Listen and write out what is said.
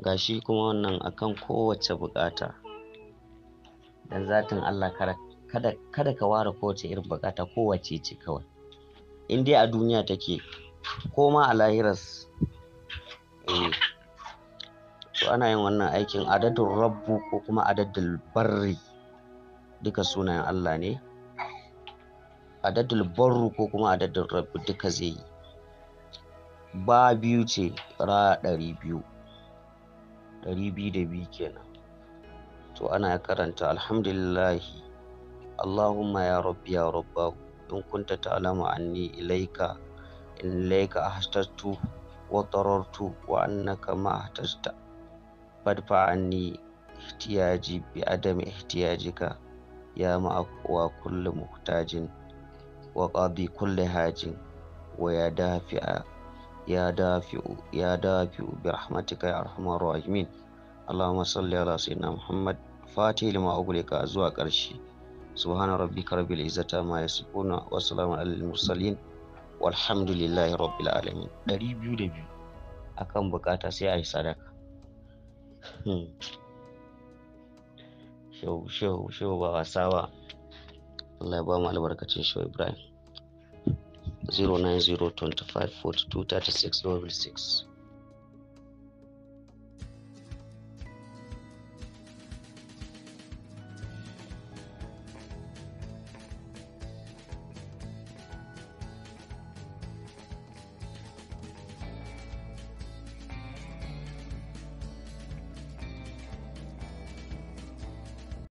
Ga shi kuma wannan akan kowace bukata dan zatin Allah kada ka ware kowace irin bukata kowace ce kawai in dai a duniya take ko ma a lahiras eh, to ana yin wannan aikin adadin rabbu ko kuma adadin barri duka sunayen Allah ne adadul barru ko kuma adadin rabbu duka zai yi ba biyu ce ra ɗari biyu biyu da biyu kenan to ana karanta alhamdulillahi allahumma ya rabbi ya rabba in kunta ta'lamu anni ilaika in ilaika ahtajtu wa tarartu wa annaka ma ahtajta fadfa anni ihtiyaji bi adami ihtiyajika ya ma'akwa kulli muhtajin wa qadi kulli hajin wa ya dafi'a ya dafi'u bi rahmatika ya arhamar rahimin allahumma salli ala sayyidina muhammad fati lima ugulika zuwa karshe subhana rabbika rabbil izzati ma yasifuna wa salamu alal mursalin walhamdulillahi rabbil alamin 202 akan bukata sai a yi sadaka hmm. shau shau shau ba wasa Allah ya ba mu albarkacin shau Ibrahim 09025423606